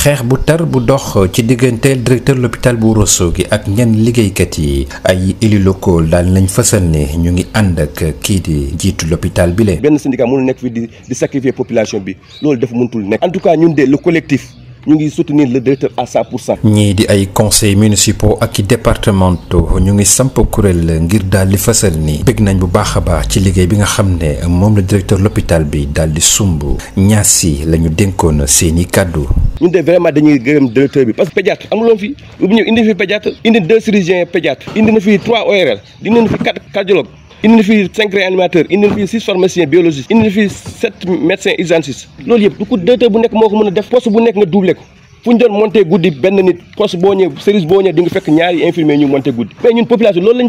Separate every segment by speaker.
Speaker 1: xeex bu tar bu dox ci digganteel directeur l'hôpital bu Ourossogui ak ñenn liggéeykat yi ay élus locaux daal nañ fësal ne ñu ngi ànd ak kii di jiitu l'hôpital bi leen
Speaker 2: benn syndicat mënul nekk fi di di sacrifier population bi loolu dafa mëntul nekk en tout cas ñun de le collectif ñu ngi soutenir le directeur à 100
Speaker 1: ñii di ay conseils municipaux ak i départementaux ñu ngi samp kuréel ngir daal di fësal ni bëgg nañ bu baax a baax ci liggéey bi nga xam ne moom la directeur lopitaal bi dal di sumb ñaas yi la ñu dénkoon seen i kàddu.
Speaker 2: ñun de vraiment dañuy gërëm directeur bi parce que pédiatre amuloon fi bu ñëw indi fi pédiatre indi deux chirurgiens pédiatre indi na fi trois ORL indi na fi quatre cardiologue indi na fi cinq réanimateurs indi na fi six pharmaciens biologistes indi na fi sept médecins urgentistes loolu yëpp du ko directeur bu nekk moo ko mën a def poste bu nekk nga doublé ko fu ñu doon monté guddi benn nit poste boo ñëw boo ñëw di nga fekk ñu monté guddi mais ñun population loolu lañ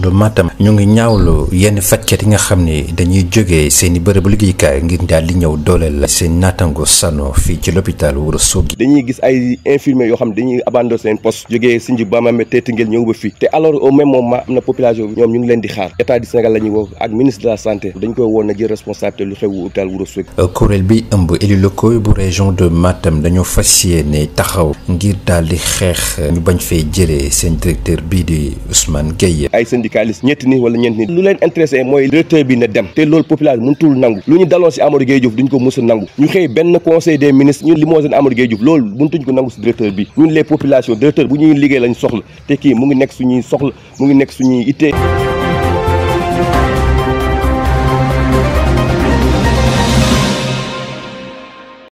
Speaker 1: de Matam ñu ngi ñaawlu yenn fajkat yi nga xam ne dañuy jógee seen i bërëbu liggéeykaay ngir daal di ñëw doole la seen naatango sano fii ci l'hôpital Ourossogui.
Speaker 2: dañuy gis ay infirmiers yoo xam ne dañuy abandonné seen poste jógee Sinthiou Bamambé Teungueth ñëw ba fii te alors au même moment am na population ñoom ñu ngi leen di xaar état du Sénégal la ak ministre de la santé dañ koy woon jël responsabilité
Speaker 1: région de Matam dañoo fas yéene taxaw ngir daal xeex ñu bañ fee jëlee seen directeur bii di Ousmane Gueye. ay syndicaliste
Speaker 2: ñetti ni wala ñeenti ni lu leen intéressé mooy directeur bi na dem te loolu population mënutul nangu lu ñu daloon si Amadou Gueye Diouf duñ ko mës a nangu ñu xëy benn conseil des ministres ñun limogeé Amadou Gueye Diouf loolu mënutuñ ko nangu si directeur bi ñun les populations directeur bu ñuy liggéey lañ soxla te kii mu ngi nekk suñuy soxla